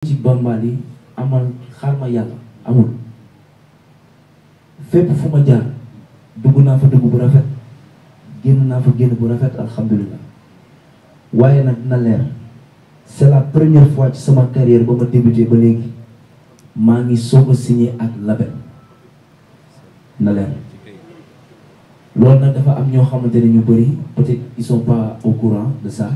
ci bambali amal xarma yalla amul fépp fuma jaar duguna fa dugg bu rafet genna fa genn bu rafet alhamdullilah waye nak na leer c'est la première fois ci sama carrière bama débuter ba légui ma ngi ak label na leer lool nak dafa am ño xamanteni ñu bari peut-être ils sont pas au courant de ça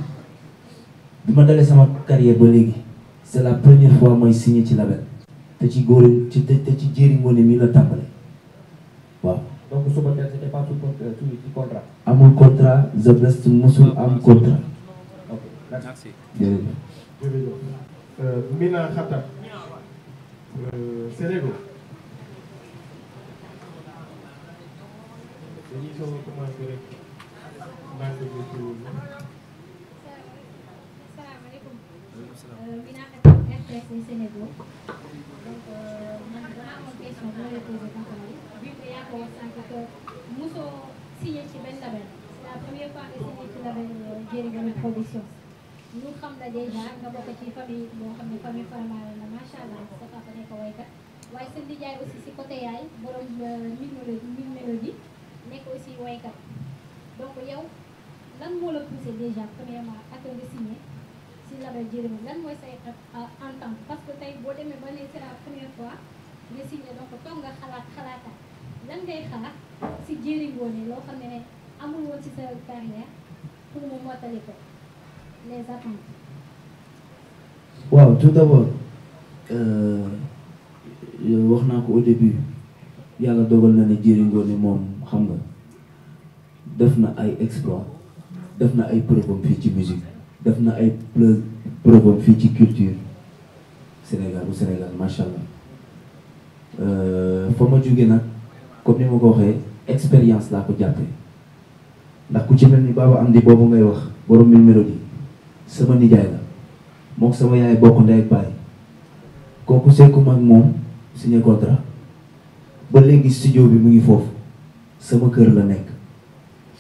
bima dalé sama carrière ba légui c'est la première fois mooy signé te ci góor te ci jëriñ moo ne la tàmbale waaw. donc suba teel c'était pas tout ci contrat. amul contrat The Best am contrat. binakatagkat kasi sinego. Nagkakaroon kayo sa mga ito sa kami. Bibigay ako sa kito muso signé ci benn label. C'est la première fois que signé ci label Guérigami Production. ñu xam la déjà nga bokk ci famille boo xam ne famille formale la macha allah sa papa nekk waykat waaye seen nijaay aussi si côté yaay borom mille mélodie mille mélodie nekk aussi waykat donc yow lan moo la poussé déjà premièrement ak nga signé ci label Jérémy lan mooy say entente parce que tey boo demee ba ne c'est la première fois nga signé donc toog nga xalaat xalaataat lan ngay xalaat si Jérémy Ngoné loo xam ne amul woon sa carrière pour mu mottali ko les attentes. waaw tout d'abord euh, wax naa ko au début yàlla dogal na ne Jérémy Ngoné moom xam nga def na ay exploit def na ay preuve fii ci musique def na ay preuve preuve fii ci culture Sénégal bu Sénégal macha allah euh, fa ma jógee nag comme ni ma ko waxee expérience laa ko jàppee ndax ku ci mel ni Baba Amdi boobu ngay wax borom mille mélodie sama nijaay la moom sama yaay bokk ndey ak baay kooku sekkuma ak moom signé contrat ba léegi studio bi mu ngi foofu sama kër la nekk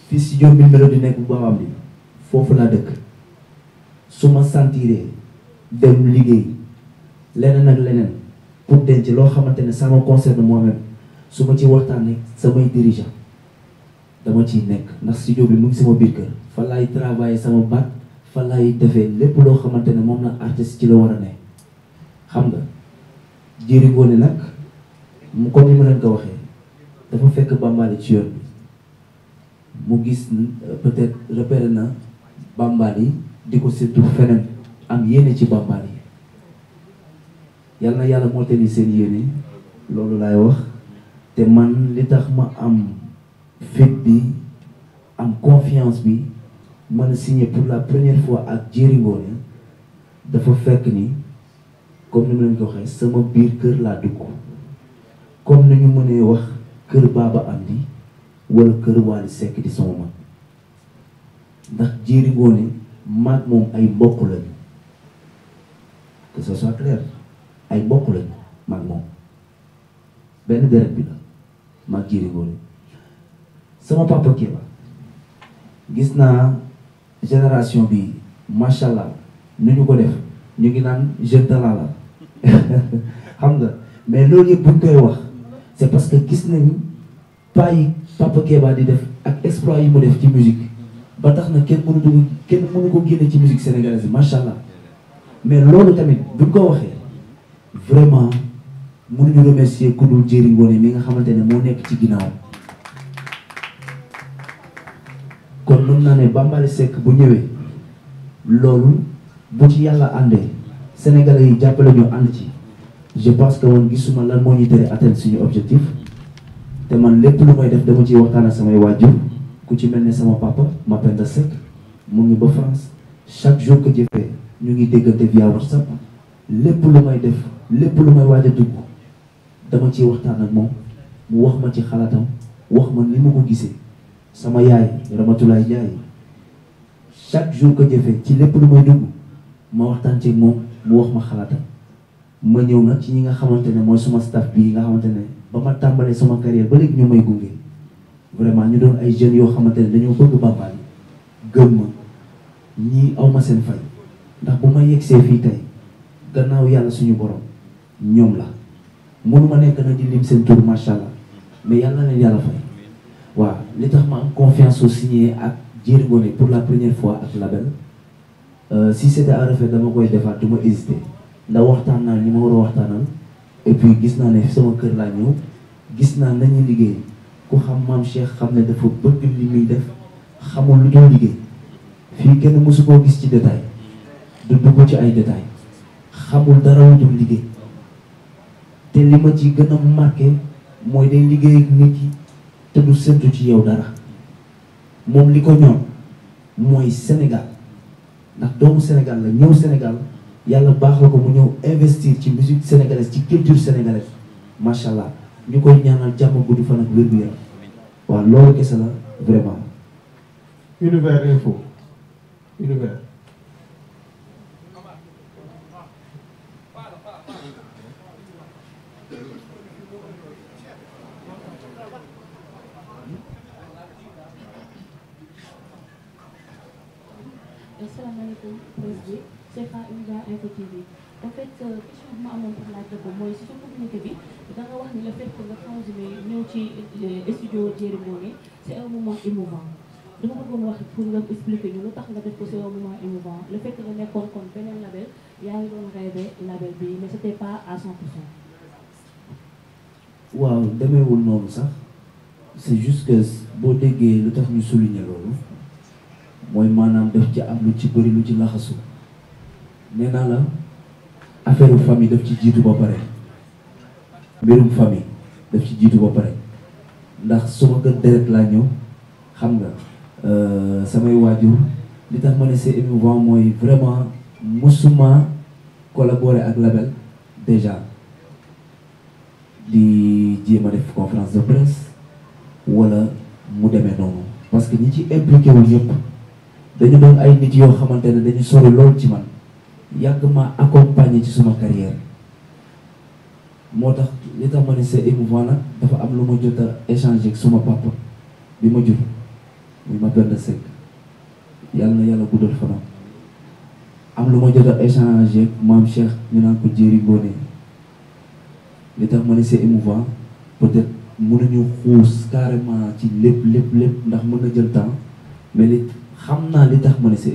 fii studio bi mélodie nekk bu Baba Amdi foofu laa dëkk. su ma sentiree dem liggéey leneen ak leneen pour denc loo xamante ne ça me concerne su ma ci waxtaanee samay dirigeant dama ciy nekk ndax studio bi mu ngi sama biir kër fa laay sama baat fa defee lépp loo xamante ne moom la artiste ci la war a ne xam nga jëriñoo ne nag mu ko ni ma ko waxee dafa fekk Bambaly ci yoon bi mu gis euh, peut-être repéré na yi di ko fenen am yene ci bambali yalla yalla na teni sen yene lolou lay wax te man li tax ma am fit bi am confiance bi man signé pour la première fois ak Jerry Ngoné dafa fekk ni comme ni mu ko xé sama bir keur la dugg comme ni ñu mëne wax keur Baba andi wala keur wali sekki di sama ndax jeri maag ay mbokk lañu que ce soit clair ay mbokk lañu maag moom benn deret bi la maag jiri sama papa Kéba gis na génération bi machallah nu ñu ko def ñu ngi naan je dalala xam nga mais loolu yëpp buñ koy wax c'est parce que gis nañu pas yi papa keba di def ak exploit yi mu def ci musique ba tax na kenn mënu ko kenn mënu ko génne ci musique sénégalaise macha allah mais loolu tamit buñ ko waxee vraiment mënuñu remercier ku dul Jëri Ngoné mi nga xamante ne moo nekk ci ginnaaw kon mën naa ne Bambaly Seck bu ñëwee loolu bu ci yàlla àndee sénégalais yi jàppale ñu ànd ci je pense que woon gisuma lan moo ñu tere atteindre suñu objectif te man lépp lu may def dama ciy waxtaan ak samay waajur ku ci mel ne sama papa Mapenda Seck mu ngi ba France chaque jour que jëfee ñu ngi déggante via WhatsApp lépp lu may def lépp lu may waaj a dugg dama ciy waxtaan ak moom mu wax ma ci xalaatam wax ma ni ma ko gisee sama yaay Ramatulaay Njaay chaque jour que jëfee ci lépp lu may dugg ma waxtaan ci moom mu wax ma xalaatam ma ñëw nag ci ñi nga xamante ne mooy suma staff bi nga xamante ne ba ma tàmbalee sama carrière ba léegi ñu may gunge. vraiment ñu doon ay jeunes yo xamantene dañu bëgg Bambali gëm ñi ñii awma seen fay ndax buma yexé fi tay gannaaw yalla suñu borom ñom la mënuma nekk na di lim seen tour machallah mais yalla na yalla fay wa li tax ma am confiance au signé ak jërgoné pour la première fois ak la belle euh si c'était à refaire dama koy défat duma hésiter hésité ndax waxtaan naa ñi ma wara a waxtaanal et puis gis na né sama kër la ñëw gis na nañu liggéey ku xam maam Cheikh xam ne dafa bëgg li muy def xamul lu dul liggéey fii kenn mësu koo gis ci détail du dugg ci ay détail xamul dara lu dul liggéey te li ma ci gën a marqué mooy day liggéey ak nit ki te du séntu ci yow dara moom li ko ñoom mooy Sénégal ndax doomu Sénégal la ñëw Sénégal yàlla baax la ko mu ñëw investir ci musique sénégalaise ci culture sénégalaise macha allah. ñu koy ñaanal jàmm fa nak ak bu yaram wa loolu kessa la vraiment. univers info univers. Assalamualaikum, Presiden. Saya Pak Indra, Info TV. en fait euh, question bi ma amoon pour la ko mooy si sa communiqué bi da nga wax ni le fait que nga transhumé ñëw ci euh, studio Thierry Ngoné c' un moment émouvant dama ko doon wax pour nga expliquer ñu lu tax nga def ko c'est un moment émouvant le fait que nga nekkoon kon benen label yaa ngi doon rêvé label bi mais c'était pas à 100 waaw demé wul demeewul sax c'est juste que boo déggee lu tax ñu souligner loolu mooy maanaam def ci am lu ci bëri lu ci laxasu nee naa la. affaire famille daf ci jiitu ba pare mbirum famille daf ci jiitu ba pare ndax su ma kër deret laa ñëw xam nga euh, samay waajur li tax ma ne c'est émouvant mooy vraiment musuma collaborer ak label déjà di jéem a def conférence de presse wala mu demee noonu parce que ñi ci impliqué wul dañu doon ay nit yoo xamante ne dañu sori lool ci man yàgg ma accompagner ci suma carrière moo tax li tax ma ne c'est émouvant dafa am lu ma jot a échanger suma papa bi ma jur muy ma benn sëkk yàlla na yàlla guddal fanam am lu ma jot a échanger maam Cheikh ñu naan ko Jéeri Ngoné li tax ma ne c'est peut-être mënuñu xuus carrément ci lépp lépp lépp ndax mën na jël temps mais li xam naa li tax ma ne c'est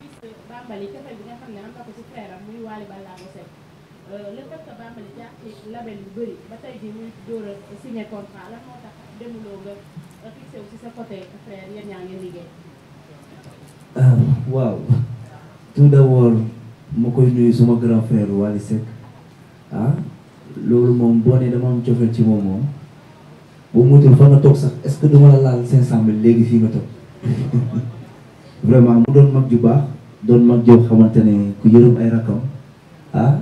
waaw cofeel bi nga xam ne am euh, yu bëri euh, koy nuyu suma grand frère Wally Seck ah loolu moom boo nee dama am cofeel ci moom moom boo moytuwul fa nga toog sax est-ce que duma la laal 500 mille léegi fii nga toog vraiment mu doon mag ju baax. doon mag jóg xamante ne ku yërëm ay rakam ah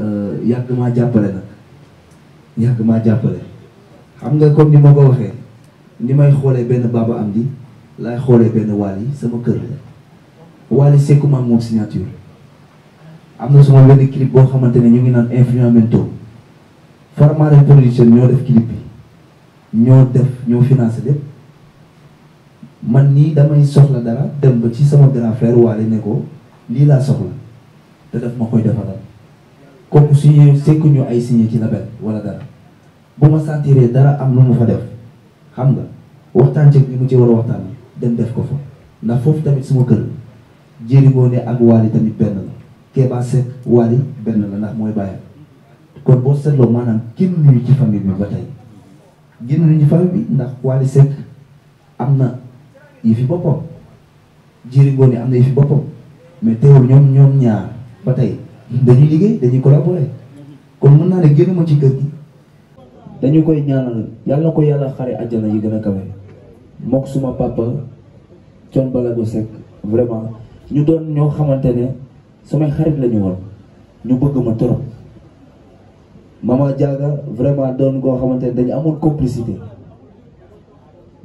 euh, yàgg maa jàppale nag yàgg maa jàppale xam nga comme ni ma ko waxee ni may xoolee benn Baba Amdi laay xoolee benn waal yi sama kër la Wally sekkuma moom signature am na sama benn clip boo xamante ne ñu ngi naan influamento Farmare production ñoo def clip bi ñoo def ñoo financé lépp man nii damay soxla dara dem ba ci sama grand frère waale ne ko lii laa soxla te daf ma koy defaral kooku suñu sekku ñu ay signé ci label wala dara bu ma sentiree dara am na ma fa def xam nga waxtaan ceeg li mu ci war a waxtaan dem def ko fa ndax foofu tamit suma kër Jericho ak Wally tamit benn la Keba Seck Wally benn la ndax mooy bàyyam kon boo seetloo maanaam génn ñu ci famille bi ba tey génn ñu ci famille bi ndax Wally Seck am yifi bopom jiri ngone amna yifi bopom boppam mais teewul ñom ñoom ñaar batay dañuy liggéey dañuy collaborer kon mën na ne génn ma ci kër gi dañu koy ñaanal yalla ko yalla xari aljana yi gëna kawé kawe suma papa Thione Ballago sek vraiment ñu doon ño xamantene ya. sama xarit lañu won ñu bëgg ma torop Mama jaga vraiment doon go xamantene dañ amul complicité ya.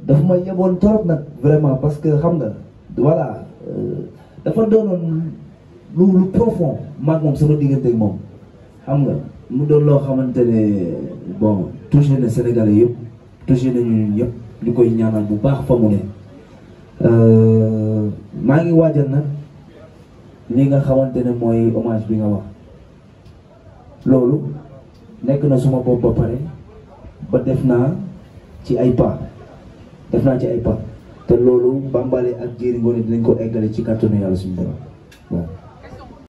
dafa ma yeboon trop nag vraiment parce que xam nga voilà euh, dafa doonoon lu lu profond maag moom sama diggante moom xam nga mu doon loo xamante ne bon touché na Sénégalais yëpp touché nañu ñun ñëpp ñu koy ñaanal bu baax fa euh, maa ngi waajal nag li nga xamante ne mooy hommage bi nga wax loolu nekk na suma bopp ba pare ba def naa ci ay pas def naa ci ay pas te loolu Bambaly ak Diéry Ngone dinañ ko eggale ci kàttanu yàlla suñu borom.